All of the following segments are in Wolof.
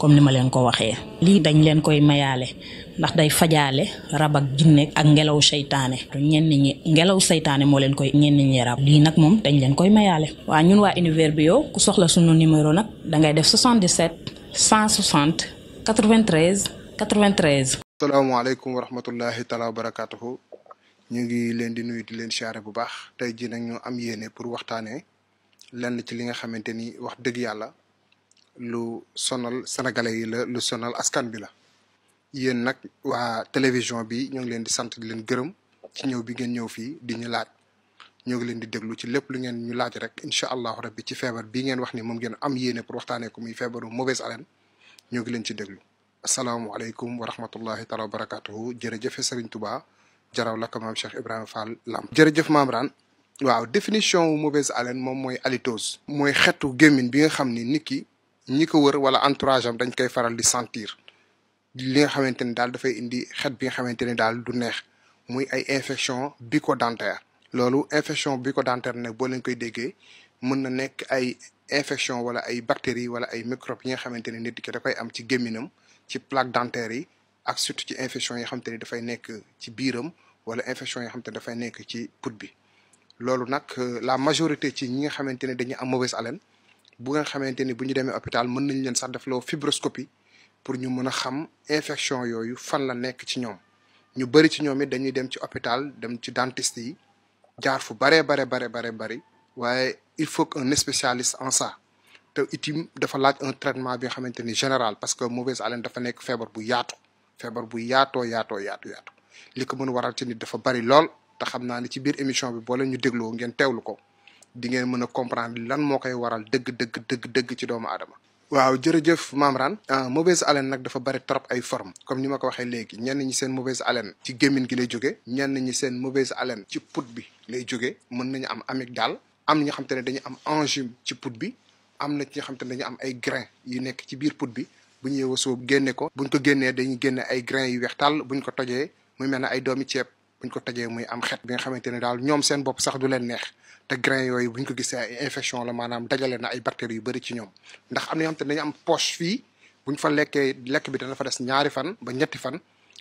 comme ni ma leen ko waxee lii dañ leen koy mayaale ndax day fajaale rab ak ak ngelaw seytaane ñenn ñi ngelaw seytaane moo leen koy ñenn ñi rab lii nag moom dañ leen koy mayaale waa ñun waa bi bio ku soxla sunu numéro nag dangay def 77 160 93 93 asalaamaaleykum wa rahmatullahi taala wa barakaatuhu ñu ngi leen di nuyu di leen siyaare bu baax tey jii nag ñu am yéene pour waxtaanee lenn ci li nga xamante ni wax dëgg yàlla lu sonal sénégalais yi la lu sonal askan bi la yéen nak wa télévision bi ñu ngi leen di sante di leen gërëm ci ñëw bi ngeen ñëw fi di ñu laaj ñu ngi leen di déglu ci lépp lu ngeen ñu laaj rek incha allahu rabbi ci fièvre bi ngeen wax ni moom ngeen am yéene pour waxtaanee ko muy fièvre mauvaise haleine ñu ngi leen ci déglu assalamu alaykum wa rahmatullahi taala wa barakatuhu jërëjëfe Serigne Touba jaraw la ko maam Cheikh Ibrahima Fall Lam. jërëjëf maam ran waaw définition mauvaise haleine moom mooy halitose. mooy xeetu gémmiñ bi nga xam ni nit ki ñi ko wër wala entourage am dañ koy faral di sentir li nga xamante ni daal dafay indi xet bi nga xamante ni daal du neex muy ay infection bucco-dentaire loolu infection bucco-dentaire nag boo leen koy déggee mën na nekk ay infection wala ay bactéries wala ay microbes yi nga xamante ni nit ki da koy am ci gémminam ci plaque dentaire yi ak surtout ci infection yi nga xamante ni dafay nekk ci biiram wala infection yi nga xamante ni dafay nekk ci put bi loolu nag euh, la majorité ci ñi nga xamante ne dañuy am mauvaise haleine bu nga xamante ni bu ñu demee hôpital mën nañ leen sax defloo fibroscopie pour ñu mën a xam infection yooyu fan la nekk ci ñoom ñu bëri ci ñoom it dañuy dem ci hôpital dem ci dentiste yi jaar fu bare bare bare bare bëri waaye il faut qu'un spécialiste en ça te itim dafa laaj un traitement bi nga xamante ni général parce que mauvaise haleine dafa nekk feebar bu yaatu feebar bu yaatoo yaatoo yaatu yaatu li ko mën waral ci nit dafa bari lool te xam naa ne ci biir émission bi boole ñu dégloo ngeen teewlu ko di ngeen mën a comprendre lan moo koy waral dëgg dëgg dëgg dëgg ci doomu aadama. waaw jërëjëf Mamran ah, mauvaise haleine nag dafa bari trop ay forme comme ni ma ko waxee léegi ñenn ñi seen mauvaise haleine ci gémmiñ gi lay jóge ñenn ñi seen mauvaise haleine ci put bi lay jóge mën nañu am daal am na ñi xam te ne dañu am angine ci put bi am na ci xam te ne dañu am ay grain yu nekk ci biir put bi bu ñu yeewoo soo génne ko buñ ko génnee dañuy génne ay grain yu weex tàll buñ ko tojee muy mel ne ay doomi ceeb buñ ko muy am xet bi nga xamante ne daal ñoom seen bopp sax du leen neex te grain yooyu buñ ko gisee ay infection la maanaam dajale na ay bactéries yu bëri ci ñoom ndax am na yoo xam te dañu am poche fii fa lekkee lekk bi dana fa des ñaari fan ba ñetti fan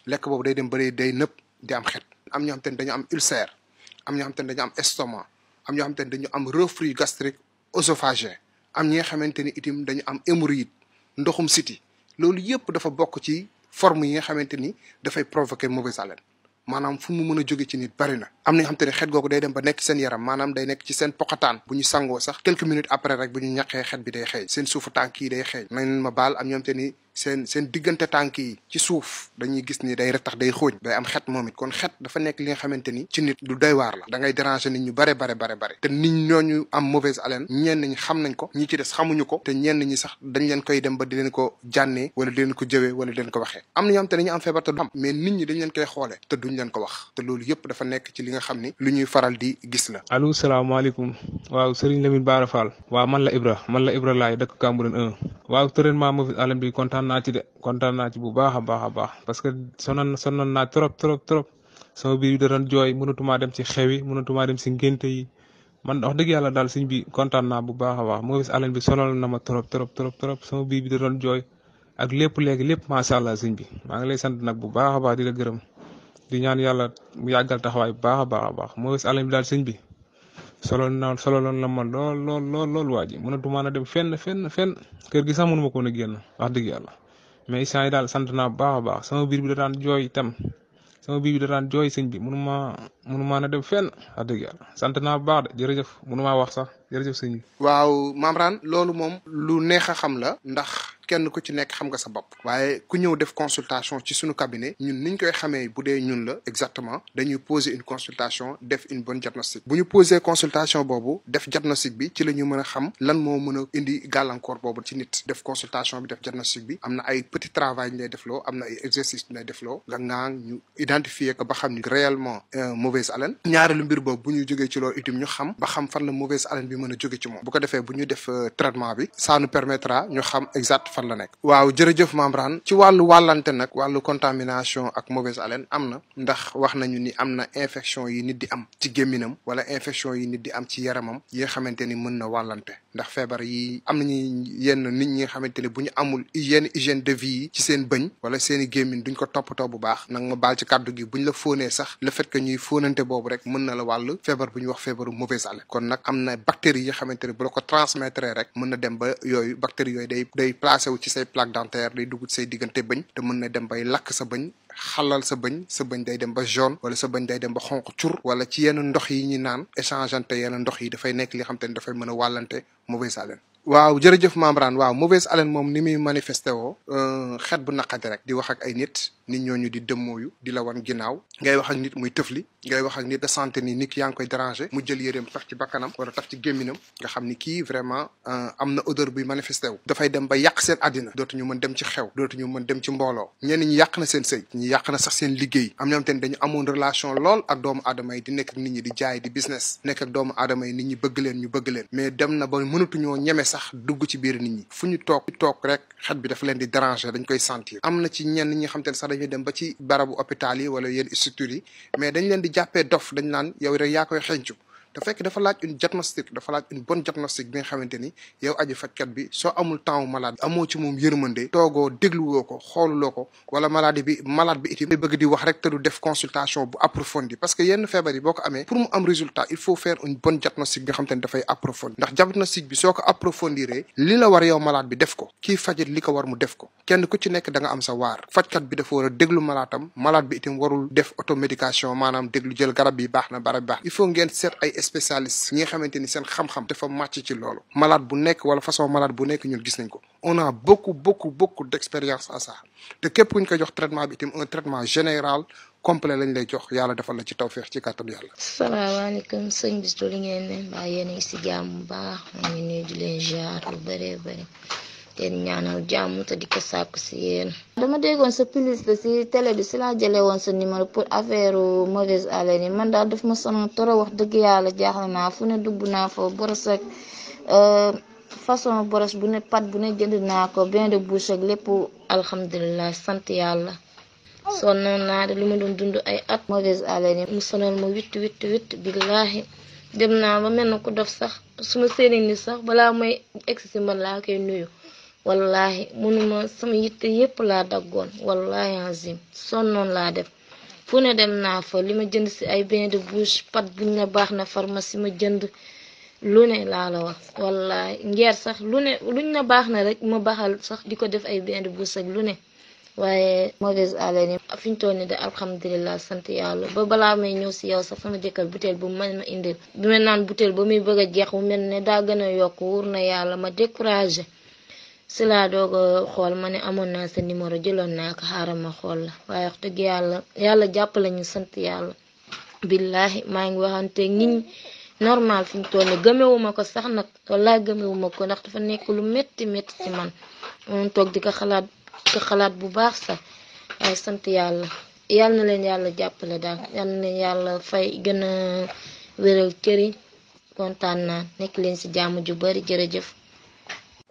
lekk boobu day dem bëri day nëpp di am xet am ñoo xam ne dañu am ulcère am ñoo xam dañu am estomac am ñoo xam te dañu am reflux gastrique œsophagien am ñi nga xamante ni itim dañu am hémorroïde ndoxum siti loolu yëpp dafa bokk ci forme yi nga xamante ni dafay provoquer mauvaise haleine maanaam fu mu mën a jóge ci nit bari na am na nga xam te ne xet day ba nekk seen yaram maanaam day nekk ci seen pokataan bu ñu sangoo sax quelques minutes après rek bu ñu ñaqee xet bi day xeeñ seen suufu tànk yi day xeeñ ma baal am ñoom te ni seen seen diggante tànk yi ci suuf dañuy gis ni day retax day xóoñ day am xet moom kon xet dafa nekk li nga xamante ni ci nit lu doy waar la da ngay déranger nit ñu bare bare bare bare te nit ñooñu am mauvaise haleine ñenn ñi xam nañ ko ñi ci des xamuñu ko te ñenn ñi sax dañ leen koy dem ba di leen ko jànnee wala di leen ko jëwee wala di leen ko waxee am na ñoo te dañu am feebar te du am ñi dañ leen koy xoolee duñ leen ko wax te loolu yëpp dafa nekk ci li nga xam ni lu ñuy faral di gis la allo salaamaaleykum waaw Serigne Lamine Bara Fall waaw man la Ibra man la Ibra laay dëkk Cambérène 1 waaw traitement mauvaise haleine bi kontaan naa ci de kontaan naa ci bu baax a baax a baax parce que sonoon sonoon naa trop trop trop sama bi da doon jooy mënatumaa dem ci xew yi mënatumaa dem si ngénte yi man wax dëgg yàlla daal suñ bi kontaan naa bu baax a baax moo gis bi sonal na ma trop trop trop trop sama biir bi da doon jooy ak lépp léegi lépp macha allah suñ bi maa ngi lay sant nag bu baax baax di la gërëm di ñaan yàlla mu yàggal taxawaay bu baax a baax a baax moo gis bi daal suñ bi solo na solo loon la ma lool lool lool lool waa ji mënatumaa na dem fenn fenn fenn kër gi sax mënuma ko a wax dëgg yàlla mais instant yi daal sant naa bu baax a sama biir bi da daan jooy itam sama biir bi da daan jooy sëñ bi mënuma ma na dem fenn wax dëgg yàlla sant naa bu baax de ma mënuma wax sax jërëjëf sëñ bi. waaw Mame Rane loolu moom. lu neex a xam la ndax. kenn ku ci nekk xam nga sa bopp waaye ku ñëw def consultation ci suñu cabinet ñun niñ koy xamee bu dee ñun la exactement dañuy poser une consultation def une bonne diagnostic bu ñu poser consultation boobu def diagnostic bi ci la ñu mën a xam lan moo mën a indi gàllankoor boobu ci nit def consultation bi def diagnostic bi am na ay petit travail ñu lay def loo am na ay exercice ñu lay def loo nga ngaan ñu identifier ko ba xam ni réellement euh, mauvaise haleine ñaareelu mbir boobu bu ñu jógee ci loolu itam ñu xam ba xam fan la mauvaise haleine bi mën a jóge ci moom bu ko defee bu ñu def euh, traitement bi ça nous permettra ñu xam exact fan la nekk waaw jërëjëf membran ci wàllu wàllante nag wàllu contamination ak mauvaise haleine am na ndax wax nañu ni am na infection yi nit di am ci gémminam wala infection yi nit di am ci yaramam yi nga xamante ni mën na wàllante ndax feebar yi am nañu yenn nit ñi nga xamante ni bu ñu amul yenn hygiène de vie yi ci seen bëñ wala seen i gémmin duñ ko toppatoo bu baax nag ma baal ci kàddu gi buñ la fóonee sax le fait que ñuy fóonante boobu rek mën na la wàll feebar bu ñu wax feebaru mauvaise kon nag am na bactéries yi nga xamante ni la ko transmettre rek mën na dem ba yooyu bactéries wu ci say plaque dentaire day dugg say diggante bëñ te mën na dem bay lakk sa bëñ xalal sa bëñ sa bëñ day dem ba jaune wala sa bëñ day dem ba xonq cur wala ci yenn ndox yi ñuy naan échangeante yenn ndox yi dafay nekk li xam te ne dafay mën a wàllante mauvaise haleine waaw jërëjëf membran waaw mauvaise haleine moom ni muy manifesté woo euh, xet bu naqadi rek di wax ak ay nit nit ñooñu di dem dëmmooyu di la wan ginnaaw ngay wax ak nit muy tëfli ngay wax ak nit da santé ni nit yaa ngi koy dérangé mu jël yéreem taf ci bakkanam wala taf ci gémminam nga xam ni kii vraiment euh, am na odeur buy manifesté wu dafay dem ba yàq seen àddina dootuñu mën dem ci xew dootuñu mën dem ci mbooloo ñenn ñi yàq na seen sëy ñi yàq na sax seen liggéey am ñoom tamit dañu amoon relation lool ak doomu aadama yi di nekk nit ñi di jaay di business nekk ak doomu aadama yi ñi bëgg leen ñu bëgg leen mais dem na ba mënatuñoo ñeme sax dugg ci biir nit ñi fu ñu toog toog rek xet bi dafa leen di déranger dañ koy sentir am na ci ñenn ñi xam te ne sax dañuy dem ba ci barabu hôpital yi wala yenn structures yi mais dañ leen di jàppee dof dañ naan yow rek yaa koy xencu te fekk dafa laaj une diagnostic dafa laaj une bonne diagnostic bi nga xamante ni yow aji fajkat bi soo amul temps malade amoo ci moom yërmande toogoo dégluwoo ko xooluloo ko wala maladie bi malade bi itam bëgg di wax rek te def consultation bu approfondie parce que yenn feebar yi boo ko amee pour mu am résultat il faut faire une bonne diagnostic bi nga xamante ni dafay approfondi ndax diagnostic bi soo ko approfondiree li la war yow malade bi def ko kii fajit li ko war mu def ko kenn ku ci nekk da nga am sa waar fajkat bi dafa war a déglu malaatam bi itam warul def automédication maanaam déglu jël garab bi baax na barab baax il faut ngeen seet ay spécialistes ñi nga xamante ni seen xam-xam dafa màcc ci loolu malaat bu nekk wala façon malade bu nekk ñun gis nañ ko on a beaucoup beaucoup beaucoup d'expérience à ça te képp ku ñu jox traitement bi itam un traitement général complet lañ lay jox yàlla defal la ci taw tawféex ci kàttanu yàlla. salaamaaleykum sëñ bi li ngeen ne mbaa yéen a ngi si jàmm bu leen jaar lu bëree leen ñaanal jàmm te di si yéen dama déggoon sa publicité si télé bi si laa jëlee woon sa numéro pour affaire mauvaise haleine man daal def ma sonal trop wax dëgg yàlla jaaxle naa fu ne dugg naa fa boros ak euh, façon boros bu ne pat bu ne jënd naa ko bain de bouche ak lépp alhamdulilah sant yàlla sonnoon naa de lu ma doon dund ay at mauvaise haleine yi mu sonal ma witt witt witt billaahi dem naa ba mel na ku dof sax su ma seeni ni sax balaa may egsi wallahi munuma sama yitte yépp laa daggoon wallahi azim sonnoon laa def fu ne dem naa fa li ma jënd ci ay bain de bouche pat buñ ne baax na pharmacie ma jënd lu ne laa la wax wallahi ngeer sax lu ne luñ na baax na rek ma baaxal sax di ko def ay bain de bouche ak lu ne waaye mauvaise haleine fi ñu toll nii de alhamdulilah sant yàlla ba balaa may ñëw si yow sax sama jëkkër butéel bu man ma indil bi ma naan butéel ba muy bëgg a jeex bu mel ne daa yokk wóor na yàlla ma découragé si laa doog xool ma ne amoon naa sa numéro jëloon naa ko xaaral ma xool la waaye wax dëgg yàlla yàlla jàppale ñu sant yàlla billahi maa ngi waxante ñiñ normal fi ñu toll gëmewuma ko sax nag wallaahi gëmewuma ko ndax dafa nekk lu métti métti ci man moom toog di ko xalaat ko xalaat bu baax sax waaye sant yàlla yàlla na leen yàlla jàppale daal yàlla yàlla fay gën a wéral cëriñ kontaan naa nekk leen si jàmm ju bari jërëjëf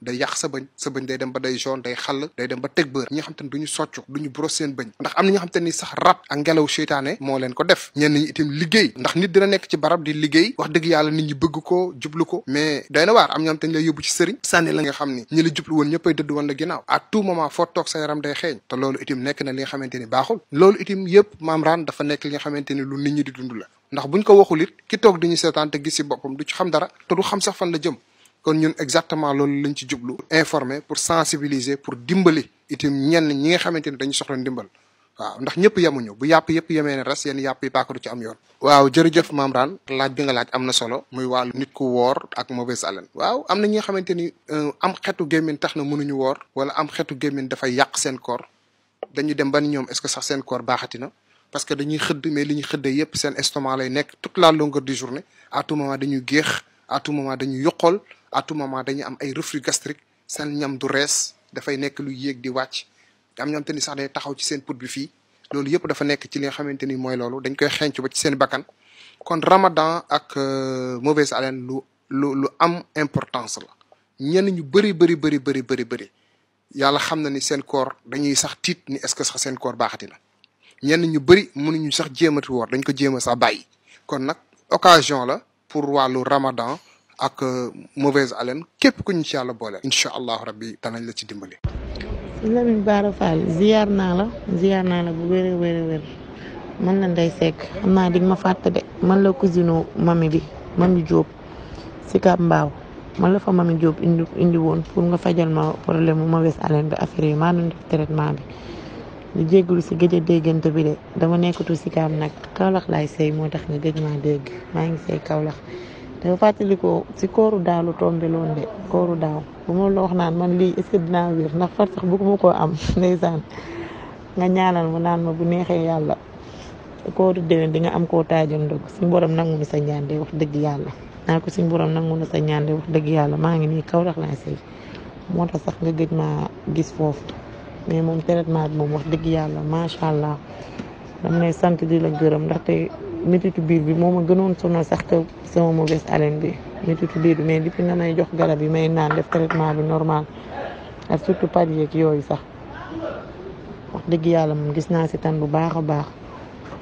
day yak sa bañ sa bañ day dem ba day jaune day xal day dem ba tek beur ñi xamanteni duñu soccu duñu bros seen bañ ndax amna ñi xamanteni sax rab ak ngelaw sheytane mo leen ko def ñen ñi itim liggey ndax nit dina nek ci barab di liggey wax deug yalla nit ñi bëgg ko jublu ko mais day na war am ñoo xam lay yóbbu ci sëriñ sané la nga xamni ñi la jublu won ñëppay dëdd won la ginaaw à tout moment fo tok say ram day xéñ te loolu itim nek na li nga xamanteni baxul loolu itim yépp maam dafa nek li nga xamanteni lu nit ñi di dund ndax buñ ko waxulit ki tok diñu sétante gis ci bopam du ci xam dara te du xam sax fan la jëm kon ñun exactement loolu lañ ci jublu. informer pour sensibiliser pour dimbali itam ñenn ñi nga xamante ni dañu soxla ndimbal waaw ndax ñëpp yemuñu bu yàpp yëpp yemee ne ras yenn yàpp yi paakaru ci am yoon. waaw jërëjëf mamran Rane laaj bi nga laaj am na solo muy wàllu nit ku woor ak mauvaise haleine. waaw am na ñi nga xamante ni euh, am xetu gémmiñ tax na mënuñu woor wala am xetu gémmiñ dafa yàq seen koor dañu dem ba ni ñoom est-ce que sax seen koor baaxati na parce que dañuy xëdd mais li ñuy xëddee yëpp seen estomac lay nekk toute la longueur du journée à tout moment dañuy géex à tout moment dañuy yoqol à tout moment dañuy am ay reflux gastrique seen ñam du rees dafay nekk lu yéeg di wàcc am ñoom ni sax day taxaw ci seen put bi fii loolu yëpp dafa nekk ci li nga xamante ni mooy loolu dañ koy xenc ba ci seen bakkan kon ramadan ak euh, mauvaise haleine lu lu lu am importance la ñenn ñu bëri bëri bëri bëri bëri bëri yàlla xam na ni seen koor dañuy sax tiit ni est ce que sax seen koor baaxati na ñenn ñu bëri mënuñu sax jéemati woor dañ ko jéem a sax bàyyi kon nag occasion la pour wàllu ramadan ak euh, mauvaise haleine képp ku ñu ci yàlla boole. incha allahu rabbi danañ la ci dimbali. Lamine Bara Fall ziar naa la ziar naa la bu wér a wér a wér man la Ndeye Seck xam naa di ma fàtte de man la cousine mami bi mami Diop si Kab Mbaaw man la fa mami jóob indi indi woon pour nga fajal ma problème mu mauvaise haleine bi affaire yi maa doon def traitement bi. di jégalu si gëj a déggante bi de dama nekkatu si kaam nag Kaolack laay sëy moo tax nga gëj maa dégg maa ngi sëy Kaolack te fàttalikoo si kooru daaw lu tombé loon de kooru daaw bu ma la wax naan man lii est que dinaa wér ndax far sax bëgguma koo am ndeysaan nga ñaanal ma naan ma bu neexee yàlla kooru déwén di nga am koo taajoon dëgg suñu borom nangu na sa ñaan de wax dëgg yàlla. naa ko borom nangu na sa ñaan dëgg yàlla maa ngi nii kaw rax laa sëy moo tax sax nga gëj maa gis foofu mais moom traitement bi moom wax dëgg yàlla macha allah dama lay sant di la gërëm ndaxte. métitu biir bi moo ma gënoon sonal sax que sama mauvaise haleine bi métitu biir bi mais depuis nga may jox garab yi may naan def traitement bi normal ak surtout paj yooyu sax wax dëgg yàlla moom gis naa si tan bu baax a baax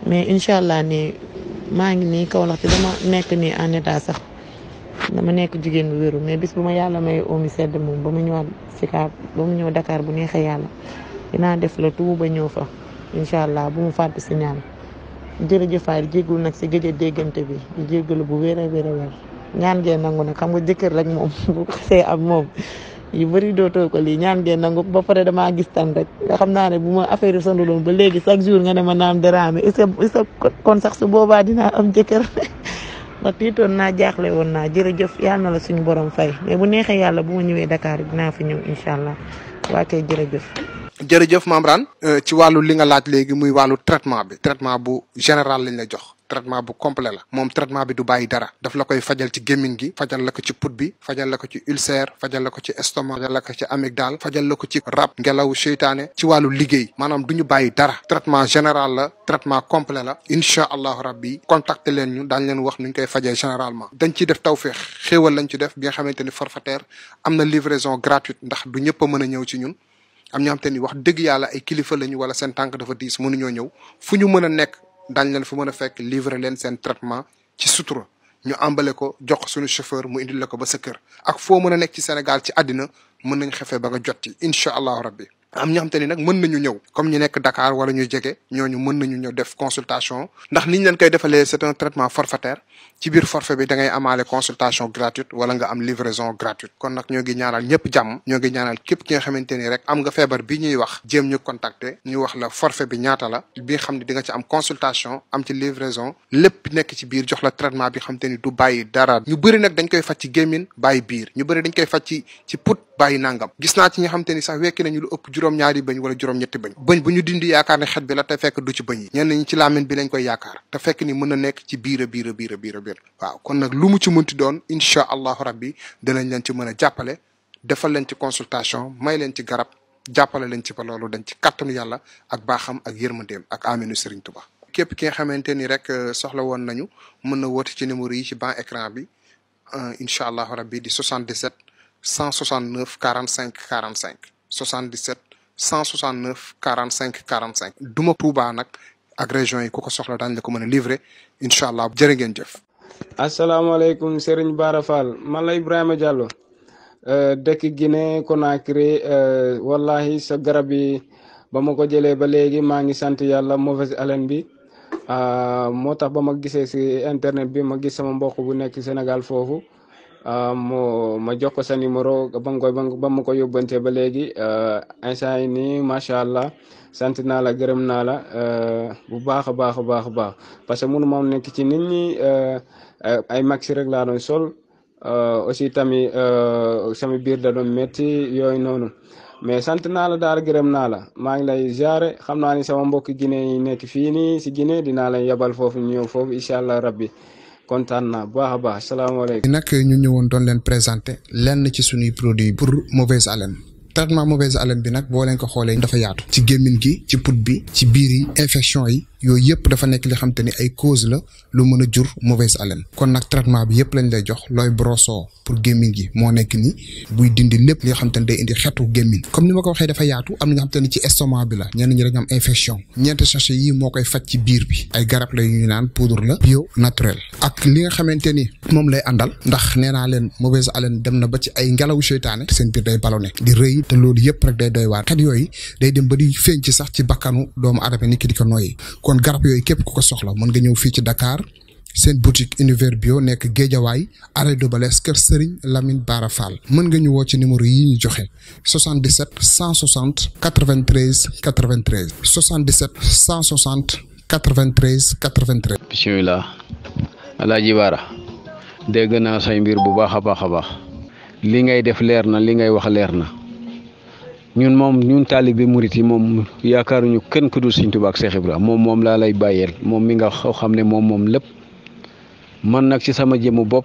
mais incha allah nii maa ngi nii Kaolack te dama nekk nii en état sax dama nekk jigéen bu wéru mais bis bu ma yàlla may omi sedd moom ba mu ñëwaat Sicap ba mu ñëw dakaar bu neexee yàlla dinaa def la tout ba ñëw fa incha allah bu mu fàtte si ñaan jërëjëf waay jéggul nag si gëj a déggante bi di bu wéer a wéer ñaan ngeen nangu nag xam nga jëkkër rek moom bu xasee am moom yu bëri dootoo ko lii ñaan ngeen nangu ba pare damaa gis tan rek nga xam naa ne bu ma affaire sonaloon ba léegi chaque jour nga ne ma naam deraa est-ce que est-ce kon sax su boobaa dinaa am jëkkër ma tiitoon naa jaaxle woon naa jërëjëf yal na la suñu borom fay mais bu neexee yàlla bu ma ñëwee dakaar yi dinaa fi ñëw incha allah waa kay jërëjëf jërëjëf Membrane. Euh, ci wàllu li nga laaj léegi muy wàllu traitement bi traitement bu général lañ la jox. traitement bu complet la moom traitement bi du bàyyi dara def la koy fajal ci gémmiñ gi fajal la ko ci put bi fajal la ko ci ulcère fajal la ko ci estomac fajal la ko ci amygdale fajal la ko ci rab ngelaw seytaane ci wàllu liggéey maanaam du ñu bàyyi dara traitement général la traitement complet la incha allahu rabbi contacter leen ñu daañ leen wax nu ñu koy fajee généralement dañ ciy def tawféex xéewal lañ ci def bi nga xamante ni forfaitaire am na livraison gratuite ndax du ñëpp mën a ñëw ci ñun am ñoo xam ni wax dëgg yàlla ay kilifa lañu wala seen tànk dafa diis mënuñoo ñëw fu ñu mën a nekk daal leen fu mën a fekk livrer leen seen traitement ci sutura ñu ambale ko jox ko suñu chauffeur mu indil la ko ba sa kër ak foo mën a nekk ci Sénégal ci àddina mën nañ xefee ba nga jot ci incha allahu rabbi am ñoo xam te ni nag mën nañu ñëw comme ñu nekk Dakar wala ñu jege ñooñu mën nañu ñëw def consultation ndax niñ leen koy defalee c'est un traitement forfaitaire ci biir forfait bi da ngay amaale consultation gratuite wala nga am livraison gratuite kon nag ñoo ngi ñaanal ñëpp jàmm ñoo ngi ñaanal képp ki nga xamante ni rek am nga feebar bi ñuy wax jéem ñu contacter ñu wax la forfait bi ñaata la bi xam ne di ci am consultation am ci livraison lép nekk ci biir jox la traitement bi xamante ni du bàyyi dara ñu bëri nag dañ koy faj ci gémmin bàyyi biir ñu bari dañ koy faj ci ci put bàyyi nangam gis naa ci nga xam ni sax wekki nañu lu ëpp juróom-ñaari bëñ wala juróom-ñetti bu ñu dindi yaakaar ne xet bi la te fekk du ci bëñ bi lañ koy yaakaar te fekk ni mën nekk ci biir a biir a biir a biir waaw kon nag lu mu ci mënti doon incha allahu rabbi danañ leen ci mën a jàppale defal leen ci consultation may leen ci garab jàppale leen ci ba loolu dañ ci kàttanu yàlla ak baaxam ak yërmandeem ak aminu Serigne Touba. képp ki nga xamante ni rek euh, soxla woon nañu mën na woote ci numéro yi ci ban écran bi euh, incha allahu rabbi di 77 169 45 45 77 169 45 45. duma Touba nag. ak région yi ku ko soxla daañu la ko mën a livrer incha allah jërë ngeen jëf. asalaamaaleykum Serigne Bara Fall man la Ibrahima Diallo euh, dëkk Guinée Conakry euh, wallahi sa garab yi ba ma ko jëlee ba léegi maa ngi sant moo mauvaise haleine bi euh, moo tax ba ma gisee si internet bi ma gis sama mbokk bu nekk Sénégal foofu. Ah, mo ma jox ko sa numéro ba mu ko ba mu ko yóbbante ba léegi ah, instant yi nii macha allah sant naa la gërëm naa la ah, bu baax a baax baax baax parce que mënu ma nekk ci nit ñi ay maxi rek laa doon sol aussi tamit sama biir da doon métti yooyu noonu mais sant naa la daal gërëm naa la maa ngi lay jaare xam naa ni sama mbokk Guinée yi nekk fii nii si Guinée dinaa lay yebal foofu ñëw foofu incha allah rabbi kontaan naa baax a baax salaamaaleykum. nag ñu ñëwoon doon leen présenté lenn ci suñuy produit pour mauvaise haleine. traitement mauvaise haleine bi nag boo leen ko xoolee dafa yaatu. ci gémmiñ gi ci put bi ci biir yi infection yi. yooyu yëpp dafa nekk li xam te ni ay cause la lu mën a jur mauvaise haleine kon nag traitement bi yëpp lañ lay jox looy broso pour gémmiñ gi moo nekk ni buy dindi lépp li nga xam te ni day indi xetu gémmiñ comme ni ma ko waxee dafa am na nga xam te bi la ñenn ñi dañu am infection ñeenti sachet yi moo koy faj ci biir bi ay garab la ñu naan poudre la bio naturel ak li nga xamante ni moom lay àndal ndax nee naa leen mauvaise allen dem na ba ci ay ngelaw seytaane seen biir day ballonné di rëy te loolu yëpp rek day doy waar kat yooyu day dem ba di feeñ ci sax ci bakkanu doomu aadama ni ki di ko noyyi kon garab yooyu képp ku ko soxla mën nga ñëw fii ci Dakar seen boutique bi bio nekk Géejawaay arrêt de Balès kër Serigne Lamine Bara mën nga ñëwoo ci numéro yi ñu joxe 77 160 93 93 77 160 93 93. bisimilah Alaaji Bara dégg naa say mbir bu baax a baax a baax li ngay def leer na li ngay wax leer na. ñun moom ñun taalibe murit yi moom yaakaaruñu kenn ku dul Sëñ Tuubaa ak Seex Ibra moom moom laa lay bàyyeel moom mi nga xam ne moom moom lépp man nag ci sama jëmu bopp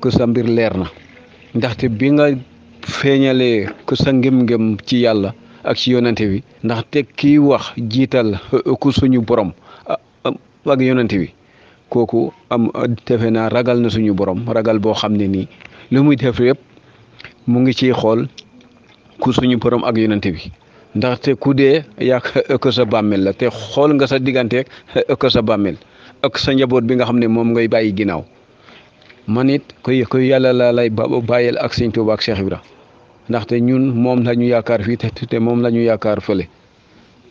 ku sa mbir leer na ndaxte bi nga feeñalee ku sa ngëm-ngëm ci yàlla ak ci yonante bi ndaxte kii wax jiital ku suñu borom ah, ak yonante bi kooku am defe naa ragal na suñu borom ragal boo xam ne nii lu muy def yëpp mu ngi ciy xool ku suñu borom ak yonent bi ndaxte ku dee yaa ëkk sa bàmmeel la te xool nga sa digganteeg ëkk sa bàmmeel ak sa njaboot bi nga xam ne moom ngay bàyyi ginnaaw man it koy koy yàlla laa lay bàyyil ak sëñ Tuuba ak Cheikh Ibra ndaxte ñun moom la ñu yaakaar fii te moom la ñu yaakaar fële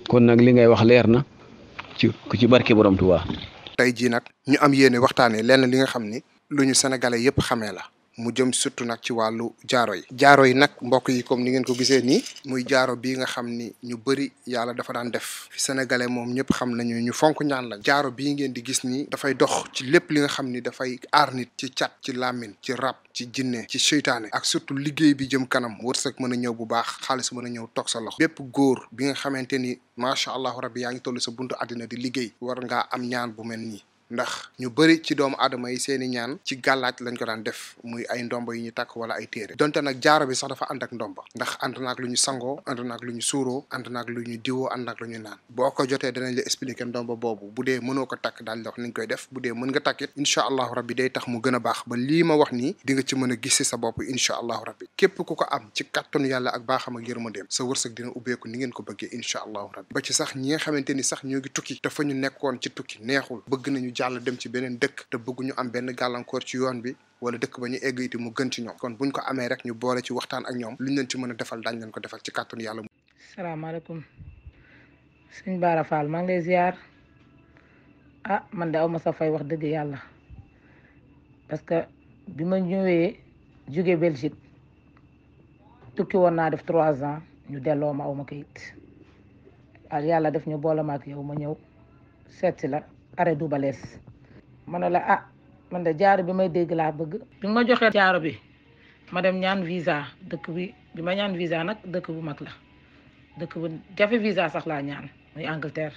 kon nag li ngay wax leer na ci ci barke borom Tuuba. tey jii nag ñu am yéene waxtaanee lenn li nga xam ni lu ñu sénégalais yëpp xamee la. mu jëm surtout nag ci wàllu jaaro yi jaaro yi nag mbokk yi comme ni ngeen ko gisee nii muy jaaro bii nga xam ni ñu bëri yàlla dafa daan def fi moom ñëpp xam nañu ñu fonk ñaan lañ jaaro bii ngeen di gis nii dafay dox ci lépp li nga xam ni dafay aar nit ci cat ci làmmin ci rab ci jinne ci seytaane ak surtout liggéey bi jëm kanam wërsëg mën a ñëw bu baax xaalis mën a ñëw toog sa loxo bépp góor bi nga xamante ni macha allah rab yaa ngi toll sa buntu àddina di liggéey war ngaa am ñaan bu mel nii ndax ñu bari ci doomu adama yi seeni ñaan ci gàllaaj lañ ko daan def muy ay ndomba yi ñu takk wala ay téere donte nag jaaro bi sax dafa ànd ak ndomba ndax ànd naag lu ñu sangoo ànd naag lu ñu suuroo ànd naag lu ñu diwoo ànd naag lu ñu naan boo ko jotee danañ la expliquer ndomba boobu bu dee mënoo ko takk daal wax niñ koy def bu dee mën nga insha allahu rabbi day tax mu gën a baax ba lii ma wax ni di nga ci mën a sa bopp insha allahu rabbi képp ku ko am ci kàttanu yàlla ak baaxam ak yërmandeem sa wërsëg dina ubbeeku ni ngeen ko bëggee insha allahu rabbi ba ci sax ñi nga xamante ni sax ñoo ngi tukki te fa ñu nekkoon ci tukki neexul bëgg nañu jàll dem ci beneen dëkk te bëgguñu am benn ci yoon bi wala dëkk ba ñu egg mu gën ci ñoom kon buñ ko amee rek ñu boole ci waxtaan ak ñoom luñ leen ci mën a defal daañ leen ko defal ci kàttanu yàlla sëñ Bara maa ngi lay ziar ah man de aw ma wax dëgg yàlla parce que bi ma ñëwee jóge Belgique tukki woon naa def trois ans ñu delloo ma aw ma kayit ak yàlla def ñu boole ma ak yow ma ñëw seet arrêt du balees ma ne la ah man de jaaro bi may dégg laa bëgg bi ma joxee jaaro bi ma dem ñaan visa dëkk bi bi ma ñaan visa nag dëkk bu mag la dëkk bu jafe visa sax laa ñaan muy Angleterre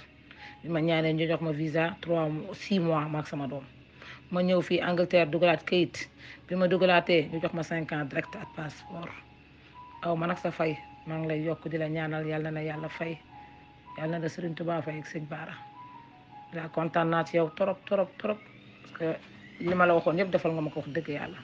bi ma ñaanee ñu jox ma visa trois six mois maag sama doom ma ñëw fii Angleterre dugalaat kayit bi ma dugalaatee ñu jox ma cinq ans direct ak passeport aw ma nag sa fay maa ngi lay yokk di la ñaanal yàlla na yàlla fay yàlla na Serigne Touba fay ak sëñ Baara daa kontaan naa ci yow trop trop trop parce que li la waxoon yëpp defal nga ma ko wax dëgg yàlla.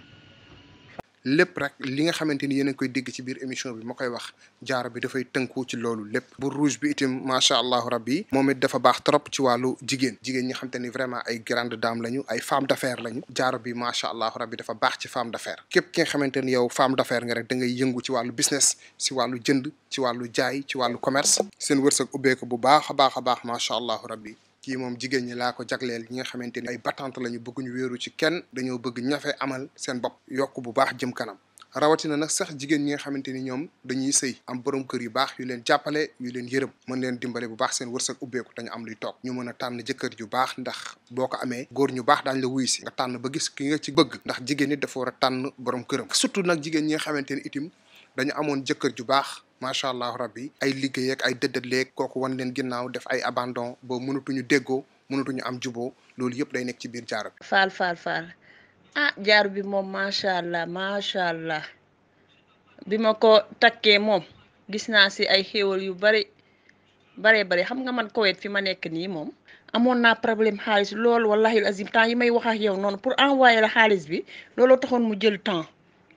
lépp rek li nga xamante ni yéen a koy dégg ci biir émission bi moo koy wax jaaro bi dafay tënku ci loolu lépp. bu rouge bi itam macha allahu rabbi. moom it dafa baax trop ci wàllu jigéen. jigéen ñi xam te ni vraiment ay grande dame lañu ay femme d'affaires lañu. jaaro bi macha allahu rabbi dafa baax ci femme d'affaires. képp ki nga xamante ni yow femme d'affaires nga rek da ngay yëngu ci wàllu business ci wàllu jënd ci wàllu jaay ci commerce. seen wërsëg ubbeeku bu baax a baax a baax macha allahu rabbi. kii moom jigéen ñi laa ko jagleel ñi nga xamante ni ay battante lañu bëgg ñu wéeru ci kenn dañoo bëgg ñafe amal seen bopp yokk bu baax jëm kanam rawatina nag sax jigéen ñi nga xamante ni ñoom dañuy sëy am borom kër yu baax yu leen jàppale yu leen yërëm mën leen dimbale bu baax seen wërsëg ubbeeku dañu am luy toog ñu mën a tànn jëkkër ju baax ndax boo ko amee góor ñu baax daañ la wuyu si nga tànn ba gis ki nga ci bëgg ndax jigéen ñi dafa war tànn borom këram surtout nag jigéen ñi nga xamante ni itim dañu amoon jëkkër ju baax macha allah rabbi ay liggéey ay ay leek kooku wan leen ginnaaw def ay abandon ba mënatuñu déggoo mënatuñu am juboo loolu yëpp day nekk ci biir jaaro bi. faal faal faal ah jaaro bi moom macha allah macha allah bi ma ko takkee moom gis naa si ay xéewal yu bari bare bare xam nga man Koweït fi ma nekk nii moom amoon naa problème xaalis loolu wallahi azim temps yi may wax ak yow noonu pour envoyé la xaalis bi looloo taxoon mu jël temps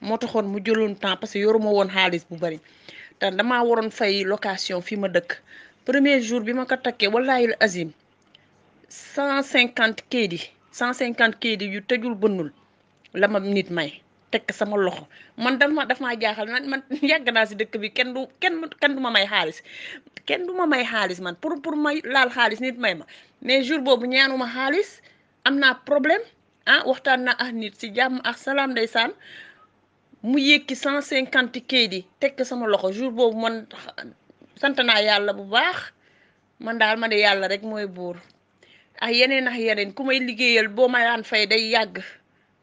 moo taxoon mu jëloon temps parce que yoruma woon xaalis bu bari te damaa waroon fay location fi ma dëkk premier jour bi ma ko takkee wallaayul azim cent cinquante kéedi cent cinquante kéedi yu tëjul bënnul la ma nit may tekk sama loxo man daf ma def maa jaaxal man man yàgg naa si dëkk bi kenn du kenn kenn du ma may xaalis kenn du ma may xaalis man pour pour may laal xaalis nit may ma mais jour boobu ñaanuma xaalis am naa problème ah waxtaan naa ah nit si jàmm ak salaam ndeysaan mu yékki cent cinquante kayit yi teg sama loxo jour boobu man sant yàlla bu baax man daal ma yàlla rek mooy buur ak yeneen ak yeneen ku may liggéeyal boo ma daan fay day yàgg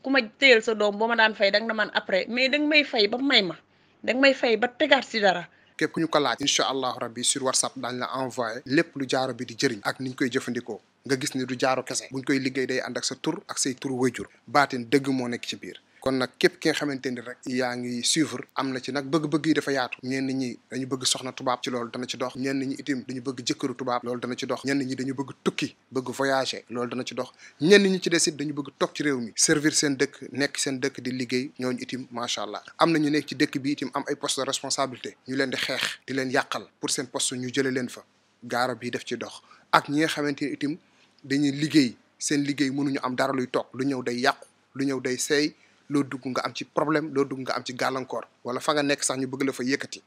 ku ma téyal sa doom boo ma daan fay danga na man après mais danga may fay ba may ma danga may fay ba tegaat si dara. képp ku ñu ko laaj incha allahu rabbi sur whatsapp daañu la envoyé lépp lu jaaro bi di jëriñ ak ni ñu koy jëfandikoo nga gis ni du jaaro kese buñ koy liggéey day ànd ak sa tur ak say tur wayjur baatin dëgg moo nekk ci biir kon nag képp ki nga xamante ni rek yaa ngi suivre am na ci nag bëgg-bëgg yi dafa yaatu ñenn ñi dañu bëgg soxna tubaab ci loolu dana ci dox ñenn ñi itim dañu bëgg jëkkëru tubaab loolu dana ci dox ñenn ñi dañu bëgg tukki bëgg voyager loolu dana ci dox ñenn ñi ci des dañu bëgg toog ci réew mi servir seen dëkk nekk seen dëkk di liggéey ñooñ itim macha allah am na ñu nekk ci dëkk bi itim am ay post de responsabilité ñu leen di xeex di leen yàqal pour seen poste ñu jële leen fa gaara bi def ci dox ak ñi nga xamante ni itim dañuy liggéey seen liggéey mënuñu am dara luy toog lu ñëw day yàqu lu ñëw day seey lo dugg nga am ci problème lo dugg nga am ci galancor wala fa nga nek sax ñu bëgg la fa yëkëti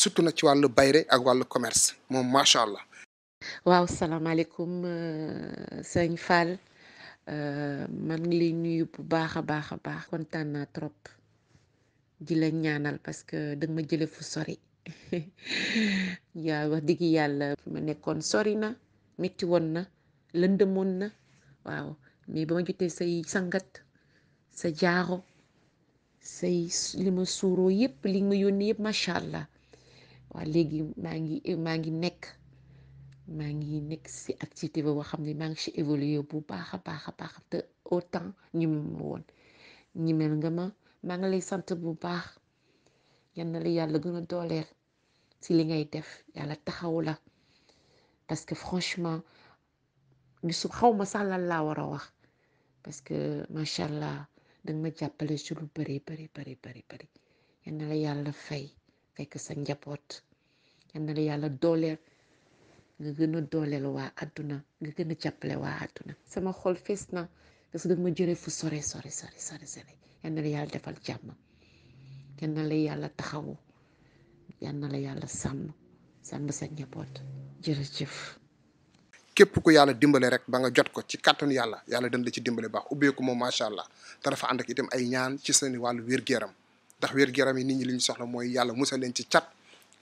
surtout nak ci walu bayré ak walu commerce mom ma sha Allah waaw salam alaykum euh, seigne fall euh man ngi lay nuyu bu baaxa baaxa baax contane trop di la ñaanal parce que dag ma jëlé fu sori ya wax digi yalla ma nekkon sori na metti won na lëndëmon na waaw mais bama jotté say sangat sa jaaro say li suuroo yépp li nga ma yónnee yépp macha allah waa léegi maa ngi maa ngi nekk maa ngi nekk si activité boo xam ni maa ngi si évolué bu baax a baax a baax te autant ñi ma woon ñi mel nga ma maa ngi lay sant bu baax yal na la yàlla gën a dooleel si li ngay def yàlla taxaw la parce que franchement gisu xaw ma sax laa war a wax parce que macha allah danga ma jàppale ci lu bari bari bari bari bari yal na la yàlla fay fekk sa njaboot yal na la yàlla dooleel nga gën a dooleel waa àdduna nga gën a jàppale waa àdduna sama xol fees na parce que danga ma jëlee fu sore sore sore sore sore yal na la yàlla defal jàmm na yàlla taxawu yal na la yàlla sàmm sàmm sa njaboot jërëjëf képp ku yàlla dimbale rek ba nga jot ko ci kàttanu yàlla yàlla dañ la ci dimbale baax ubbeeku moom macha allah te dafa ànd ak itam ay ñaan ci seeni wàllu wér yaram ndax wér gu yi ni ñi li ñu soxla mooy yàlla musal leen ci cat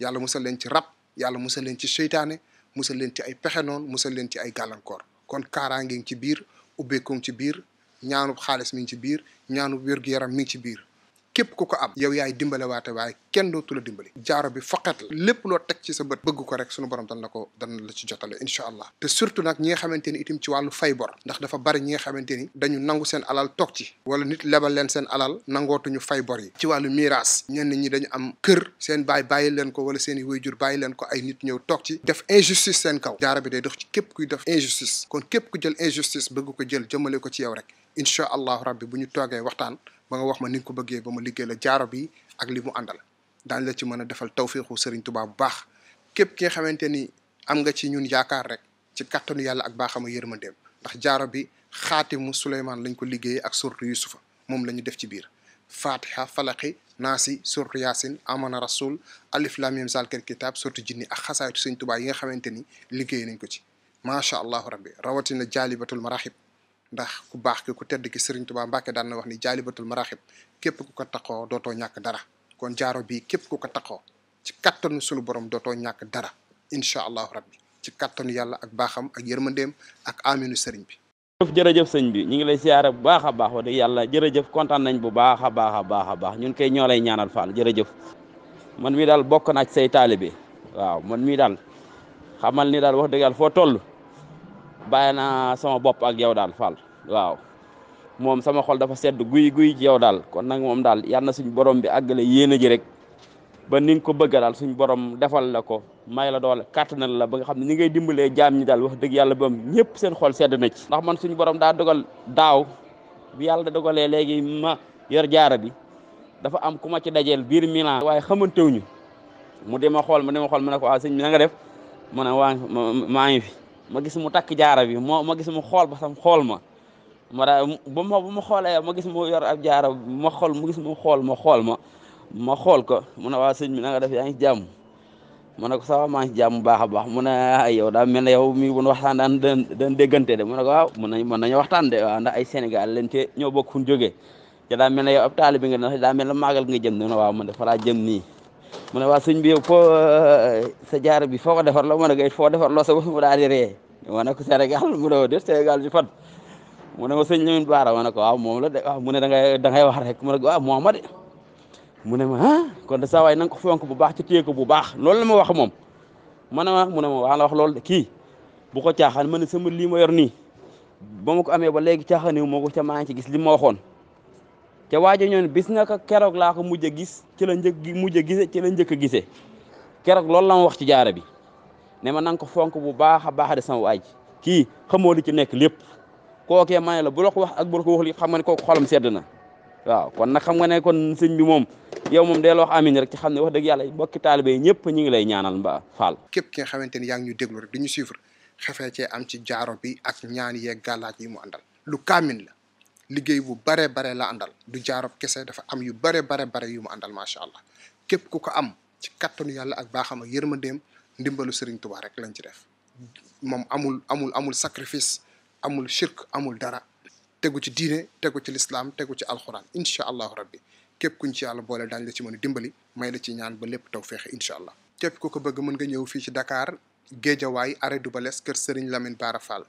yàlla musal leen ci rab yàlla musal leen ci seytaane musal leen ci ay pexe noon musal leen ci ay gàllankoor kon kaaraange ngi ci biir ubbeeku ci biir ñaanub xaalis mi ngi ci biir ñaanub wér-gu-yaram mi ngi ci biir képp ku ko am yow yaay dimbale waate waaye kenn dootu la dimbali jaaro bi foqet lépp loo teg ci sa bët bëgg ko rek sunu borom dan la ko dan la ci jotale incha allah te surtout nag ñi nga xamante ni itam ci wàllu fay bor ndax dafa bari nga xamante ni dañu nangu seen alal toog ci wala nit lebal leen seen alal nangootuñu fay yi ci wàllu miraas ñenn ñi dañu am kër seen baay bàyyi leen ko wala seen i wayjur bàyyi leen ko ay nit ñëw toog ci def injustice kaw jaaro bi day dox képp kuy def injustice kon képp ku jël injustice bëgg ko jël jëmale ko ci yow rek incha allahu rabbi bu ñu toogee waxtaan ba wax ma ni nga ko bëggee ba ma liggéey la jaaro bi ak li mu àndal daañ la ci mën a defal tawféexu Serigne Touba bu baax képp ki nga xamante ni am nga ci ñun yaakaar rek ci kattanu yàlla ak baaxam a yërmandeem ndax jaaro bi xaatimu Souleymane lañ ko liggéeyee ak surtout Yusufa moom la ñu def ci biir fatiha falaqi naasi surtu yaasin amana rasul alif lam mim zalkal surtout surtu jinni ak xasaayitu Serigne Touba yi nga xamante ni liggéey nañ ko ci macha allahu rabbi rawatina jaalibatul marahib ndax ku baax ki ku tedd ki Serigne Touba Mbacke daal na wax ni jaalibatul maraxib képp ku ko taxoo dootoo ñàkk dara kon jaaro bi képp ku ko taxoo ci kattanu sunu borom dootoo ñàkk dara incha allahu rabbi ci kattanu yàlla ak baaxam ak yërmandeem ak aminu sëriñ bi. jërëjëf sëñ bi ñu ngi lay siyaare bu baax a baax wax dëgg yàlla jërëjëf kontaan nañ bu baax a baax a baax a baax ñun kay ñoo lay ñaanal Fall jërëjëf man mii daal bokk na ak say taalibe waaw man mii daal xamal ni daal wax dëgg yàlla foo toll bàyyi naa sama bopp ak yow daal Fall waaw moom sama xol dafa sedd guy guy ci daal kon nag moom daal yal na suñu borom bi àggale yéene ji rek ba ni ko bëgg daal suñu borom defal la ko may la doole kàttanal la ba nga xam ne ni ngay dimbalee jaam ñi daal wax dëgg yàlla ba ñëpp seen xol sedd na ci. ndax man suñu borom daa dogal daaw bu yàlla dogalee léegi ma yor jaara bi dafa am ku ma ci dajeel biir Milan. waaye xamantewuñu mu di ma xool mu di ma xool mu ne ko ah sëñ bi na nga def mu ne waa maa ngi fi. ma gis mu takk jaara bi moo ma gis mu xool ba sam xool ma ma daa ba ma bu ma xoolee ma gis mu yor ab jaara ma xool ma gis mu xool ma xool ma ma xool ko mun ne waa sëñ bi na nga def yaa ngi jàmm ma ne ko sawa jaam ngi jàmm baax a baax mu ne yow daa mel ne yow mi bu ñu waxtaan daan daan déggante de mu a ko waaw mën nañ mën nañu waxtaan de waaw ndax ay Sénégal leen te ñoo bokk fu ñu jógee te daa mel ne yow ab taalibe nga ne daa mel ne màggal nga jëm ne waaw ma de fa laa jëm nii mu ne waa sëñ bi yow foo eh, sa jaar bi foo defar defarloo mu ne ko it foo defarloo sa bopp mu daal di ree ma ne ko Sénégal mu ne ko déet Sénégal sëñ Lamine Bara ma ko waaw moom la de waaw mu ne da ngay wax rek mu moom ma de mu ne ma ah kon de saa waay na ko fonk bu baax ci téye ko bu baax la ma wax moom ma ne ma mu ne ma waa wax loolu de kii bu ko caaxaan ma ne sama lii ma yor nii ba ma ko amee ba léegi caaxaan moo ko ca maa ngi ci gis li ma waxoon ca waajo ñoon bis ko kérok la ko mujjé gis ci la ñëk gi mujjé gise ci la ñëk gisé kérok lool la wax ci jaara bi né ma nang ko fonk bu baaxa baax de sama waaj ki xamoo li ci nekk lepp kookee ma la bu la ko wax ak bu la ko wax li xam nga ko xolam sedd na waaw kon nag xam nga né kon señ bi mom yow moom deel wax amin rek ci xam ne wax deug yalla bokki talibé ñëpp ñi ngi lay ñaanal ba faal kep ki xamanteni xamante ñu déglu rek di ñu suivre xefé ci am ci jaaro bi ak ñaan yé gàllaaj yi mu andal lu kaamin la liggéey bu bare bare la àndal du jaarab kese dafa am yu bare bare bare yu mu àndal macha allah képp ku ko am ci kattanu yàlla ak baaxam ak yërmandeem ndimbalu Serigne Touba rek lañ ci def moom amul amul amul sacrifice amul shirk amul dara tegu ci diine tegu ci lislaam tegu ci alxuraan incha allahu rabbi képp kuñ ci yàlla boole daañu la ci mën dimbali may la ci ñaan ba lépp taw feexe incha allah. képp ku ko bëgg mën nga ñëw fii ci dakaar Géejawaay arrêt du Balès kër Serigne Lamine Bara Fall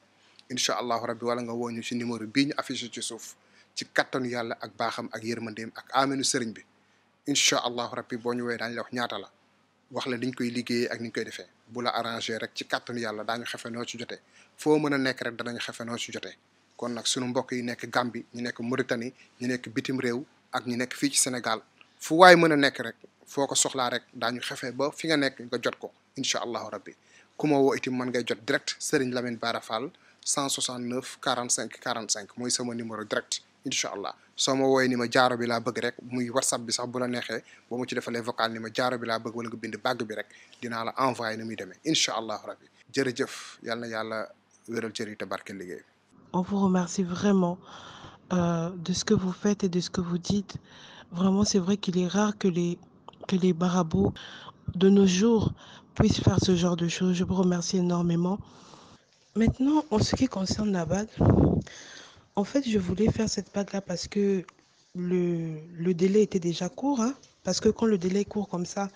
incha allahu rabbi wala nga woo ñu ci numéro bii ñu affiché ci suuf ci kattanu yàlla ak baaxam ak yërmandeem ak aminu sëriñ bi incha allahu rabbi boo ñu woowee daañu la wax ñaata la wax la liñ koy liggéeyee ak niñ koy defee bu la arrangé rek ci kattanu yàlla daañu xefe noo ci jotee foo mën a nekk rek danañ xefe noo ci jotee kon nag sunu mbokk yi nekk Gambie ñu nekk Mauritanie ñu nekk bitim réew ak ñu nekk fii ci Sénégal fu waay mën a nekk rek foo ko soxlaa rek daañu xefe ba fi nga nekk nga jot ko incha allahu rabbi ku ma woo itam mën jot direct Serigne Lamine Bara Fall 169 45 45 mooy sama numéro direct inshallah allah soo ma ni ma jaaro bi la bëgg rek muy whatsapp bi sax bu la nexé bo mu ci defalee vocal ni ma jaaro bi la bëgg wala nga bind bàgg bi rek dina la envoyer ni muy démé inshallah rabbi jërëjëf yalla yalla wéral cër liggéey on vous remercie vraiment euh, de ce que vous faites et de ce que vous dites vraiment c'est vrai qu'il est rare que les que les marabouts de nos jours puissent faire ce genre de choses je vous remercie énormément Maintenant, en ce qui concerne la bague, en fait, je voulais faire cette bague-là parce que le, le, délai était déjà court. Hein. parce que quand le délai est court comme ça,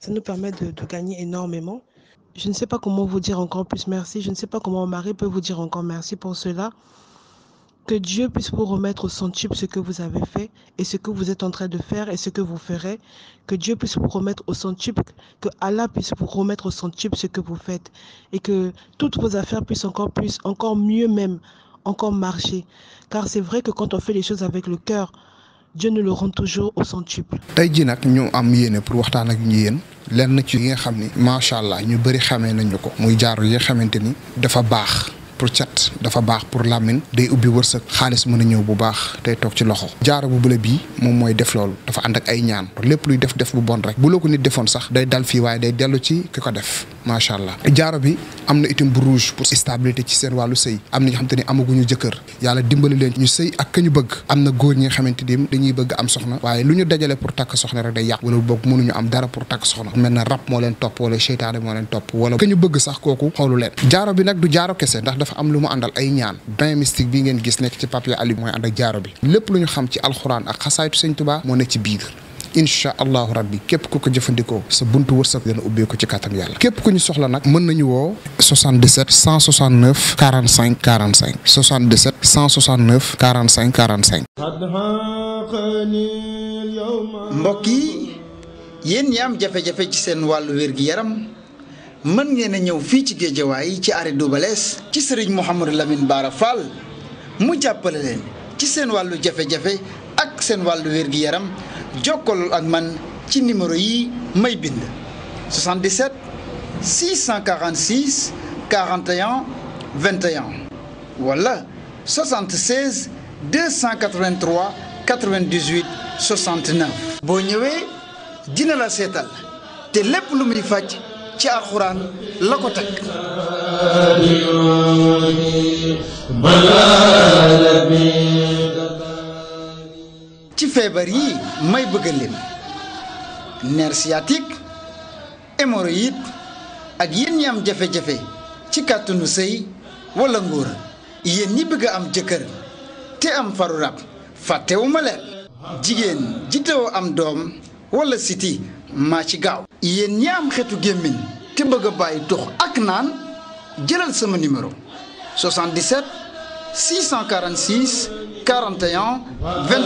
ça nous permet de, gagner énormément. Je ne sais pas comment vous dire encore plus merci. Je ne sais pas comment Marie mari peut vous dire encore merci pour cela. Que Dieu puisse vous remettre au centuple ce que vous avez fait et ce que vous êtes en train de faire et ce que vous ferez. Que Dieu puisse vous remettre au centuple, que Allah puisse vous remettre au centuple ce que vous faites et que toutes vos affaires puissent encore plus, encore mieux même, encore marcher. Car c'est vrai que quand on fait les choses avec le cœur, Dieu nous le rend toujours au centuple. pour cat dafa baax pour làmmiñ day ubbi wërsëg xaalis mën a ñëw bu baax tey toog ci loxo jaaro bu bële bii moom mooy def loolu dafa ànd ak ay ñaan lépp luy def def bu bon rek bu la ko nit defoon sax day dal fii waaye day dellu ci ki ko def macha allah jaaro bi am na itam bu rouge pour stabilité ci seen wàllu sëy am na ñoo xamante ni amaguñu jëkkër yàlla dimbali leen ñu sëy ak ka ñu bëgg am na góor ñi nga xamante ni dañuy bëgg am soxna waaye lu ñu dajale pour takk soxna rek day yàq wala boog mënuñu am dara pour takk soxna mel na rab moo leen topp wala seytaane moo leen topp wala ka ñu bëgg sax kooku xoolu leen jaaro bi nag dafa am lu mu àndal ay ñaan bain mystique bi ngeen gis nekk ci papier ali mooy ànd ak jaaro bi lépp lu ñu xam ci alxuraan ak xasaaytu sëñ tubaa moo ne ci biir incha allahu rabbi képp ku ko jëfandikoo sa buntu wërsëg dana ubbeeku ci kàttan yàlla képp ku ñu soxla nag mën nañu woo 77 169 45 jafe-jafe ci seen wàllu wér-gi-yaram suis ngeen a ñëw fii ci géejawaay ci arrêt Doubalès ci sëriñ Mouhamadou Lamine Bara Fall mu jàppale leen ci seen wàllu jafe-jafe ak seen wàllu wér yaram jokkalool ak man ci numéro yi may bind 77 646 41 21 wala 76 283 98 69. boo ñëwee dina la seetal te lépp lu muy faj. ci alxuraan la ko teg ci feebar yi may bëgg lim nerf sciatique hémorroïde ak yéen ñi am jafe-jafe ci kàttanu sëy walla ngóor yéen ñi bëgg am jëkkër te am faru rab fàttewuma leen jigéen ji teewoo am doom walla siti maa ci gaaw yéen ñi am xeetu gémmiñ te bëgg a bàyyi tux ak naan jëlal sama numéro 77 646 41 21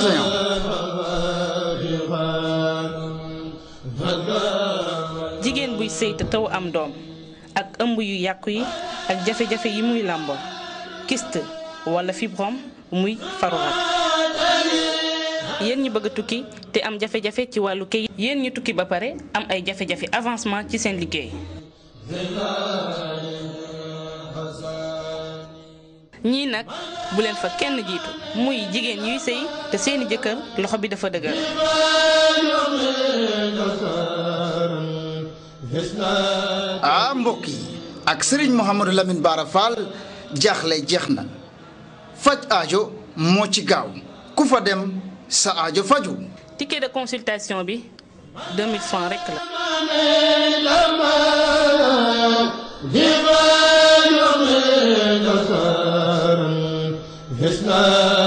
jigéen buy sëy te taw am doom ak ëmb yu yàqu yi ak jafe-jafe yi muy làmboo kyste walla fibrome muy faru yéen ñi bëgg tukki te am jafe-jafe ci wàllu kayit yéen ñi tukki ba pare am ay jafe avancement ci seen liggéey. ñii nag bu leen fa kenn jiitu muy jigéen yuy sëy te seeni jëkkër loxo bi dafa dëgër. ah mbokk ak Serigne Mouhamadou Lamine Bara jaaxle jeex na faj aajo moo ci gaaw ku fa dem. sa faju ticket de consultation bi 2000 francs